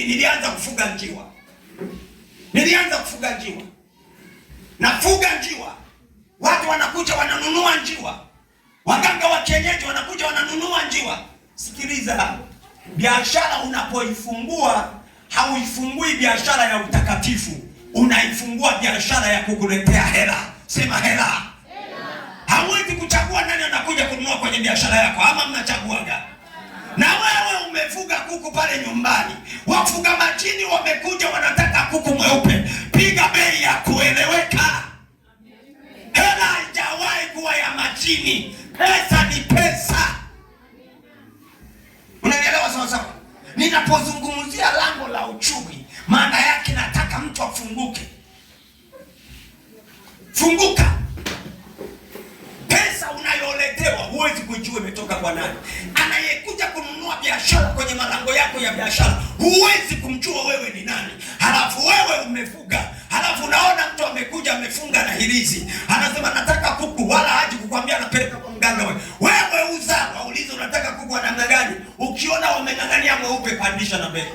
mimi nilianza kufuga njiwa, nilianza kufuga njiwa, nafuga njiwa, watu wanakuja wananunua njiwa, waganga wa kienyeji wanakuja wananunua njiwa. Sikiliza, biashara unapoifungua hauifungui biashara ya utakatifu, unaifungua biashara ya kukuletea hela. Sema hela. Hauwezi kuchagua nani anakuja kununua kwenye biashara yako, ama mnachaguaga? kuku pale nyumbani, wafuga majini wamekuja, wanataka kuku mweupe. Piga bei ya kueleweka, hela haijawahi kuwa ya majini. Pesa ni pesa, unaelewa sawasawa? Ninapozungumzia lango la uchumi, maana yake nataka mtu afunguke. Funguka. Pesa unayoletewa huwezi kujua imetoka kwa nani anaye biashara kwenye malango yako ya biashara, huwezi kumjua wewe ni nani. Halafu wewe umefuga, halafu unaona mtu amekuja amefunga na hirizi, anasema nataka kuku, wala haji kukwambia anapeleka kwa mganga. Wewe wewe uza, waulize unataka kuku wa namna gani? Ukiona wameng'ang'ania mweupe, pandisha na mbele.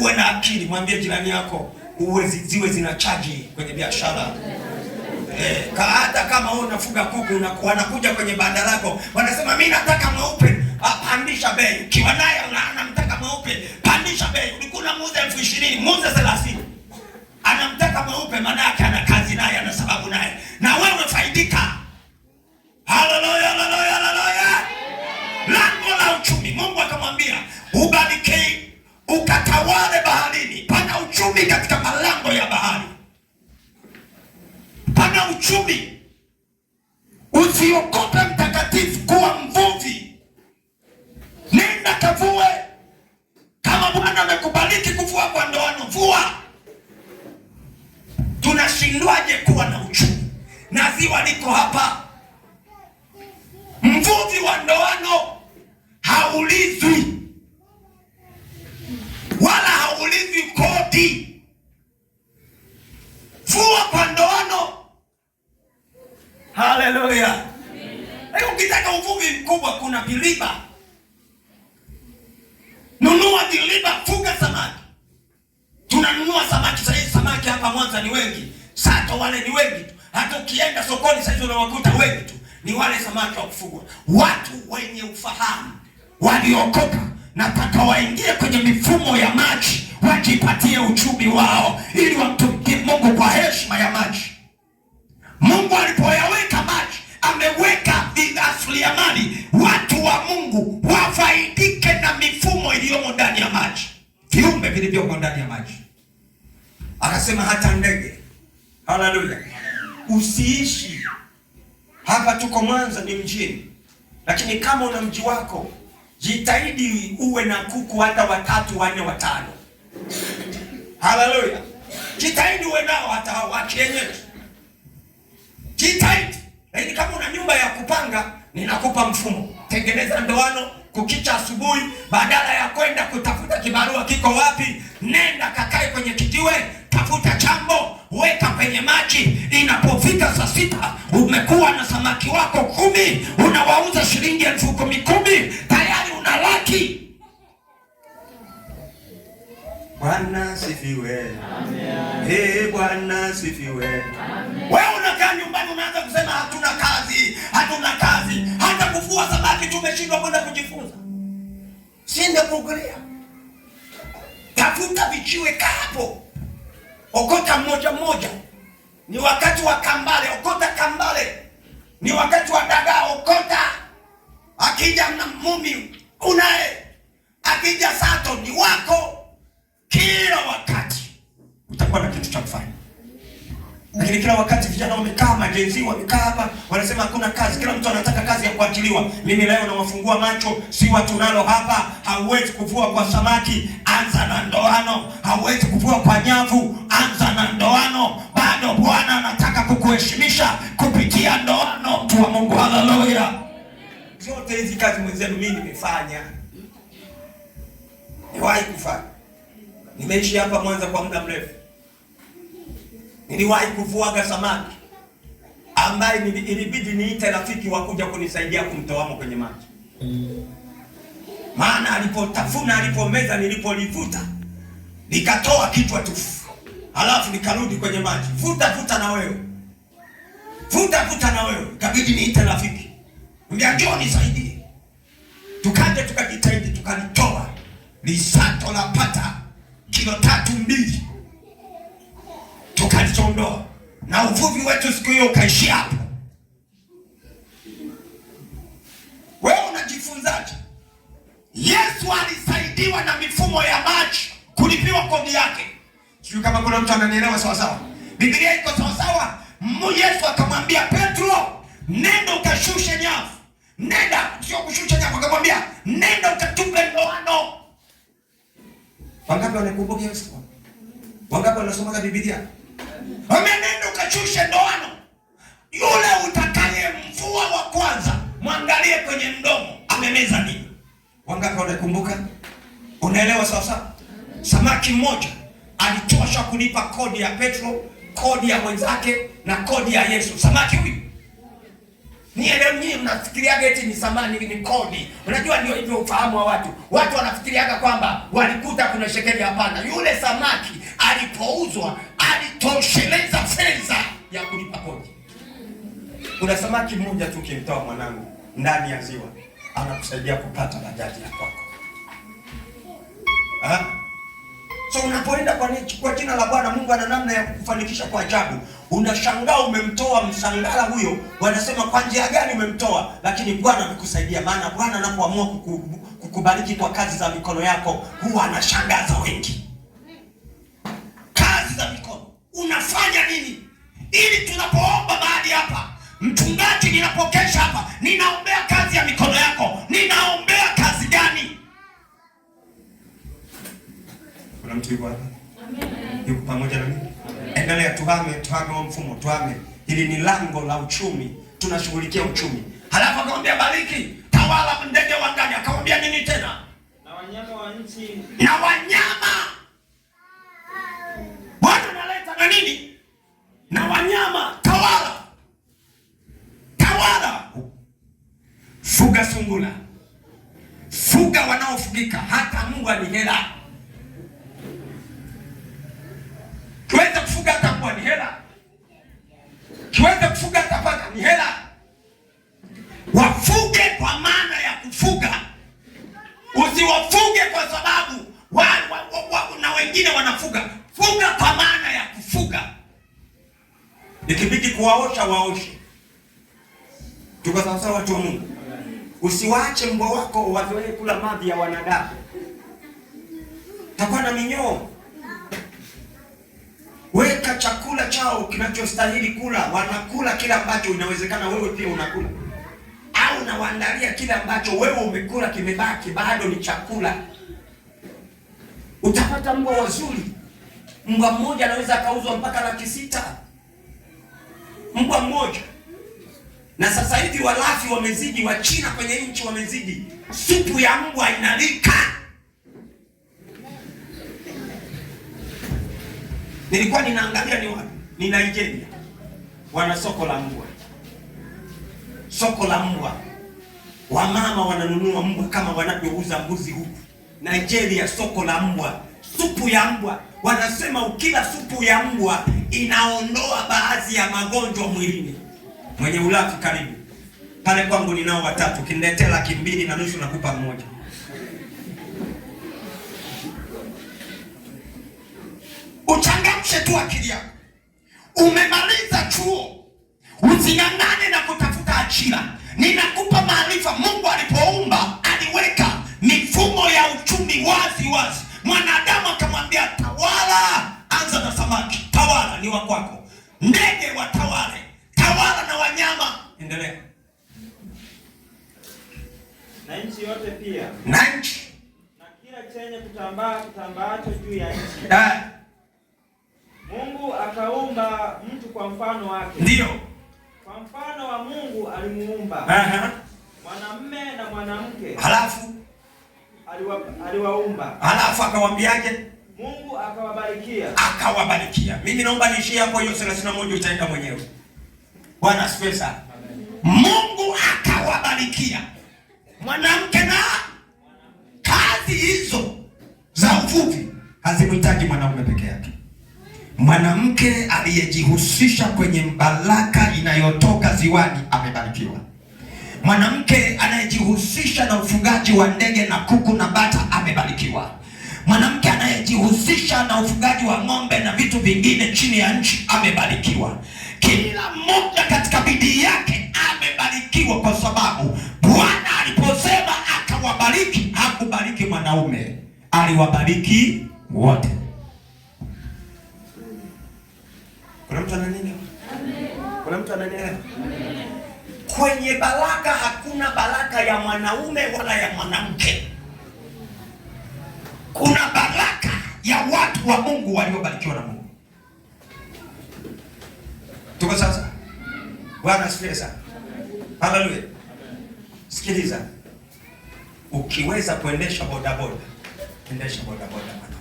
Uwe na akili, mwambie jirani yako uwezi ziwe zina chaji kwenye biashara. Eh, hata kama wewe unafuga kuku na wanakuja kwenye banda lako wanasema mimi nataka mweupe pandisha bei. Ukiwa naye anamtaka mweupe, pandisha bei. Ulikuwa unamuuza elfu ishirini muuze thelathini. Anamtaka mweupe, maana yake ana kazi naye, ana sababu naye, na wewe faidika. Haleluya, haleluya, haleluya! Lango la uchumi, Mungu akamwambia ubarikie, ukatawale baharini. Pana uchumi katika malango ya bahari, pana uchumi, usiokope wazazi waliko hapa. Mvuvi wa ndoano haulizwi wala haulizwi kodi. Fua kwa ndoano. Haleluya! Ukitaka uvuvi mkubwa, kuna viriba. Nunua viriba, fuga samaki. Tunanunua samaki sahizi, samaki hapa Mwanza ni wengi, sato wale ni wengi hata ukienda sokoni sasa unawakuta wengi tu ni wale samaki wa kufugwa, watu wenye ufahamu waliokoka, nataka waingie kwenye mifumo ya maji wajipatie uchumi wao, ili wamtumikie Mungu kwa heshima ya maji. Mungu alipoyaweka maji, ameweka rasilimali, watu wa Mungu wafaidike na mifumo iliyomo ndani ya maji, viumbe vilivyomo ndani ya maji. Akasema hata ndege. Haleluya! usiishi hapa. Tuko Mwanza ni mjini, lakini kama una mji wako jitahidi uwe na kuku hata watatu wanne watano. Haleluya! Jitahidi uwe nao hata wa kienyeji, jitahidi. Lakini kama una nyumba ya kupanga, ninakupa mfumo, tengeneza ndoano kukicha asubuhi, badala ya kwenda kutafuta kibarua kiko wapi, nenda kakae kwenye kijiwe, tafuta chambo, weka kwenye maji. Inapofika saa sita, umekuwa na samaki wako kumi, unawauza shilingi elfu kumi kumi, tayari una laki. Bwana sifiwe. Amen. Hey, ee Bwana sifiwe. Amen. Wewe unakaa nyumbani unaanza kusema hatuna kazi, hatuna kazi kufufua samaki tumeshindwa kwenda kujifunza. Siende kuogelea, tafuta vichiwe, kapo okota mmoja mmoja. Ni wakati wa kambale, okota kambale. Ni wakati wa dagaa, okota. Akija na mumi unaye, akija sato ni wako. Kila wakati utakuwa na kitu cha kufanya. Lakini kila wakati vijana wamekaa, majenzi wamekaa hapa, wanasema hakuna kazi, kila mtu anataka kazi ya kuachiliwa. Mimi leo nawafungua macho, si watu nalo hapa. Hauwezi kuvua kwa samaki, anza na ndoano. Hauwezi kuvua kwa nyavu, anza na ndoano. Bado Bwana anataka kukuheshimisha kupitia ndoano, mtu wa Mungu. Haleluya! Zote hizi kazi mwenzenu, mimi nimefanya, niwahi kufanya, nimeishi hapa Mwanza kwa muda mrefu Niliwahi kuvuaga samaki ambaye ilibidi niite rafiki wa kuja kunisaidia kumtoamo kwenye maji, maana alipotafuna, alipomeza, nilipolivuta nikatoa kichwa tufu, halafu nikarudi kwenye maji. Vuta vuta na wewe, vuta vuta na wewe, ikabidi niite rafiki mbiajoo nisaidie, tukaje, tukajitahidi, tukalitoa lisato la pata kilo tatu mbili ukalichondoa, na uvuvi wetu siku hiyo ukaishia hapo. Wewe unajifunzaje? Yesu alisaidiwa na mifumo ya maji kulipiwa kodi yake. Sijui kama kuna mtu ananielewa sawasawa. sawa. Biblia iko sawasawa. Yesu akamwambia Petro, nenda ukashushe nyavu. Nenda, sio kushusha nyavu, akamwambia nenda ukatupe ndoano. Wangapi wanakumbuka Yesu? Wangapi wanasoma Biblia? Amen, ukachushe ndoano. Yule utakaye mvua wa kwanza, mwangalie kwenye mdomo amemeza nini. Wangapi wanakumbuka? Unaelewa sasa? Samaki mmoja alitosha kulipa kodi ya Petro, kodi ya mwenzake na kodi ya Yesu. Samaki huyu Nielewe, mnafikiriaga eti ni samani ni kodi. Unajua ndio hivyo ufahamu wa watu. Watu wanafikiriaga kwamba walikuta kuna shekeli. Hapana, yule samaki alipouzwa alitosheleza fedha ya kulipa kodi. Kuna samaki mmoja tu kimtoa mwanangu ndani ya ziwa anakusaidia kupata bajaji ya kwako. So unapoenda kwa, kwa jina la Bwana Mungu ana namna ya kufanikisha kwa ajabu. Unashangaa umemtoa msangala huyo, wanasema kwa njia gani umemtoa, lakini Bwana amekusaidia. Maana Bwana anapoamua kukubariki kwa kazi za mikono yako huwa anashangaza wengi unafanya nini, ili tunapoomba mahali hapa, mchungaji, ninapokesha hapa, ninaombea kazi ya mikono yako, ninaombea kazi gani? Kuna mtu yuko hapa, yuko pamoja na mimi. Endelea, tuhame, tuhame wa mfumo, tuhame. Hili ni lango la uchumi, tunashughulikia uchumi. Halafu akamwambia bariki, tawala ndege wa ndani. Akamwambia nini tena? Na wanyama wa nchi, na wanyama na nini na wanyama, tawala tawala, fuga sungula, fuga wanaofugika. Hata Mungu ni hela, kiweza kufuga hata kwa ni hela, kiweza kufuga hata paka ni hela. Wafuge kwa maana ya kufuga, usiwafuge kwa sababu wa, wa, wa, wa, na wengine wanafuga. Fuga kwa maana ya fuga, nikibidi kuwaosha waoshe. Tuko sawasawa, watu wa Mungu? Usiwaache mbwa wako wazoee kula mavi ya wanadamu, takuwa na minyoo. Weka chakula chao kinachostahili kula, wanakula kila ambacho inawezekana wewe pia unakula, au nawaandalia kile ambacho wewe umekula kimebaki, bado ni chakula. Utapata mbwa wazuri mbwa mmoja anaweza akauzwa mpaka laki sita mbwa mmoja. Na sasa hivi walafi wamezidi, Wachina kwenye nchi wamezidi, supu ya mbwa inalika. Nilikuwa ninaangalia ni wapi, ni Nigeria, wana soko la mbwa, soko la mbwa. Wamama wananunua mbwa kama wanavyouza mbuzi huku Nigeria, soko la mbwa supu ya mbwa. Wanasema ukila supu ya mbwa inaondoa baadhi ya magonjwa mwilini. Mwenye ulafi karibu pale kwangu, ninao watatu. Kiniletea laki mbili na nusu, nakupa mmoja. Uchangamshe tu akili yako. Umemaliza chuo, using'ang'ane na kutafuta ajira. Ninakupa maarifa. Mungu alipoumba aliweka kuinuliwa kwako. Ndege watawale, tawala na wanyama. Endelea. Na nchi yote pia, na nchi na kila chenye kutambaa kitambaacho juu ya nchi. Mungu akaumba mtu kwa mfano wake, ndio kwa mfano wa Mungu alimuumba. Aha. Mwanamume na mwanamke, halafu aliwaumba, halafu akamwambiaje? Mungu akawabarikia. Akawabarikia. Mimi naomba niishie hapo, hiyo 31 itaenda mwenyewe. Bwana asifiwe sana. Mungu akawabarikia mwanamke na kazi hizo za uvuvi hazimhitaji mwanaume peke yake. Mwanamke aliyejihusisha kwenye mbalaka inayotoka ziwani amebarikiwa. Mwanamke anayejihusisha na ufugaji wa ndege na kuku na bata amebarikiwa. Mwanamke anayejihusisha na ufugaji wa ng'ombe na vitu vingine chini ya nchi amebarikiwa. Kila mmoja katika bidii yake amebarikiwa, kwa sababu Bwana aliposema akawabariki, hakubariki mwanaume, aliwabariki wote. Kuna mtu ananielewa? Kuna mtu ananielewa? Kwenye baraka hakuna baraka ya mwanaume wala ya mwanamke kuna baraka ya watu wa Mungu waliobarikiwa na Mungu. Tuko sasa? Bwana asifiwe sana. Haleluya. Sikiliza, ukiweza kuendesha bodaboda, endesha bodaboda mwanaume.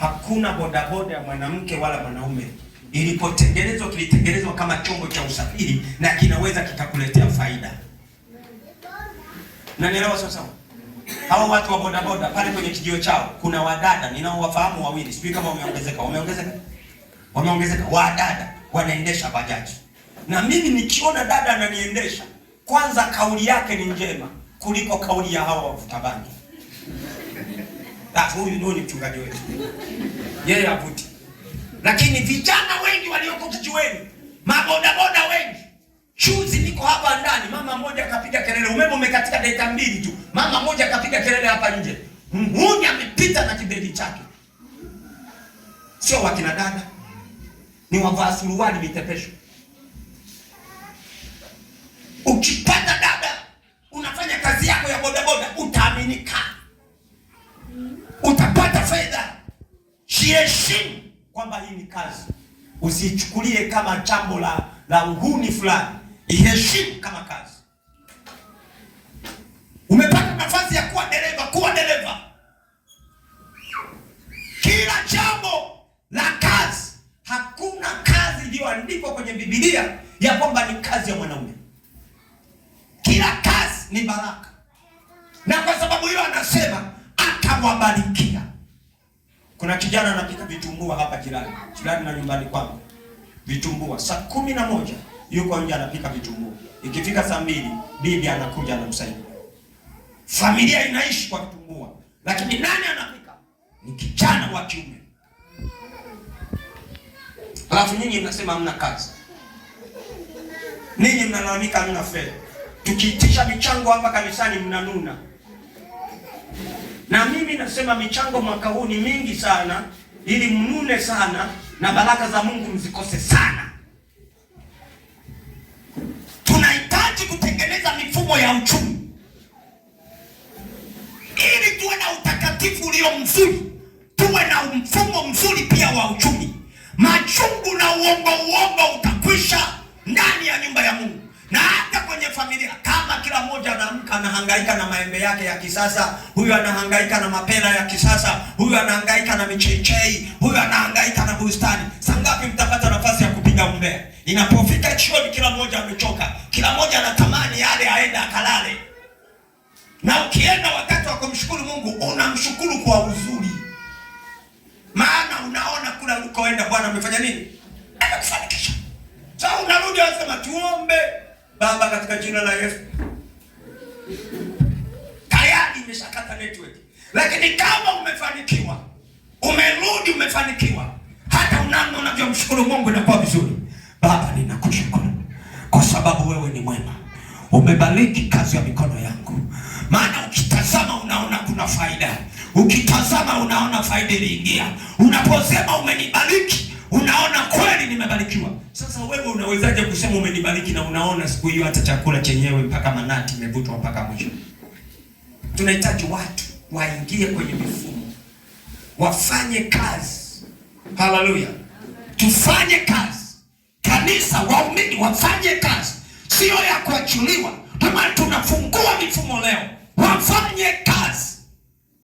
Hakuna bodaboda ya mwanamke wala mwanaume ilipotengenezwa, kilitengenezwa kama chombo cha usafiri na kinaweza kikakuletea faida, na nielewa sawa sawa hawa watu wa boda boda pale kwenye kijio chao kuna wadada ninaowafahamu wawili, sijui kama wameongezeka. Wameongezeka, wameongezeka wadada wanaendesha bajaji, na mimi nikiona dada ananiendesha, kwanza kauli yake ni njema kuliko kauli ya hawa wavuta bangi. Huyu ndio ni mchungaji wetu, yeye avuti. Lakini vijana wengi walioko kijiweni, mabodaboda wengi chuzi niko hapa ndani, mama mmoja akapiga kelele, umeme umekatika dakika mbili tu, mama mmoja akapiga kelele hapa nje, mhuni amepita na kibegi chake. Sio wakina dada, ni wavaa suruali vitepesho. Ukipata dada unafanya kazi yako ya bodaboda, utaaminika, utapata fedha. Jiheshimu kwamba hii ni kazi, usichukulie kama jambo la la uhuni fulani iheshimu kama kazi. Umepata nafasi ya kuwa dereva, kuwa dereva. Kila jambo la kazi, hakuna kazi iliyoandikwa kwenye Biblia ya kwamba ni kazi ya mwanaume. Kila kazi ni baraka, na kwa sababu hiyo anasema atawabarikia Kuna kijana anapika vitumbua hapa jirani jirani na nyumbani kwangu, vitumbua saa kumi na moja yuko nje anapika vitunguu. Ikifika saa mbili bibi anakuja anamsaidia. Familia inaishi kwa vitumbua, lakini nani anapika? Ni kijana wa kiume. Alafu nyinyi mnasema hamna kazi, ninyi mnalalamika hamna fedha. Tukiitisha michango hapa kanisani mnanuna, na mimi nasema michango mwaka huu ni mingi sana, ili mnune sana na baraka za Mungu mzikose sana. mifumo ya uchumi ili tuwe na utakatifu ulio mzuri, tuwe na mfumo mzuri pia wa uchumi. Machungu na uongo uongo utakwisha ndani ya nyumba ya Mungu na hata kwenye familia. Kama kila mmoja anaamka anahangaika na maembe yake ya kisasa, huyu anahangaika na mapera ya kisasa, huyu anahangaika na micheichei, huyu anahangaika na bustani, sangapi mtapata nafasi ya kupiga umbea? Inapofika chioni, kila mmoja amechoka kila mmoja anatamani yale aende akalale, na ukienda wakati wa kumshukuru Mungu unamshukuru kwa uzuri, maana unaona kula ukoenda, Bwana amefanya nini, amekufanikisha. Sasa unarudi unasema tuombe Baba katika jina la Yesu. Tayari imeshakata network, lakini kama umefanikiwa, umerudi umefanikiwa, hata unavyo unavyomshukuru Mungu inakuwa vizuri. Baba ninakushukuru kwa sababu wewe ni mwema, umebariki kazi ya mikono yangu. Maana ukitazama unaona kuna faida, ukitazama unaona faida iliingia. Unaposema umenibariki, unaona kweli nimebarikiwa. Sasa wewe unawezaje kusema umenibariki na unaona siku hiyo hata chakula chenyewe mpaka manati imevutwa mpaka mwisho? Tunahitaji watu waingie kwenye mifumo, wafanye kazi. Haleluya, tufanye kazi kanisa waumini wafanye kazi, sio ya kuachuliwa. Ndio maana tunafungua mifumo leo, wafanye kazi.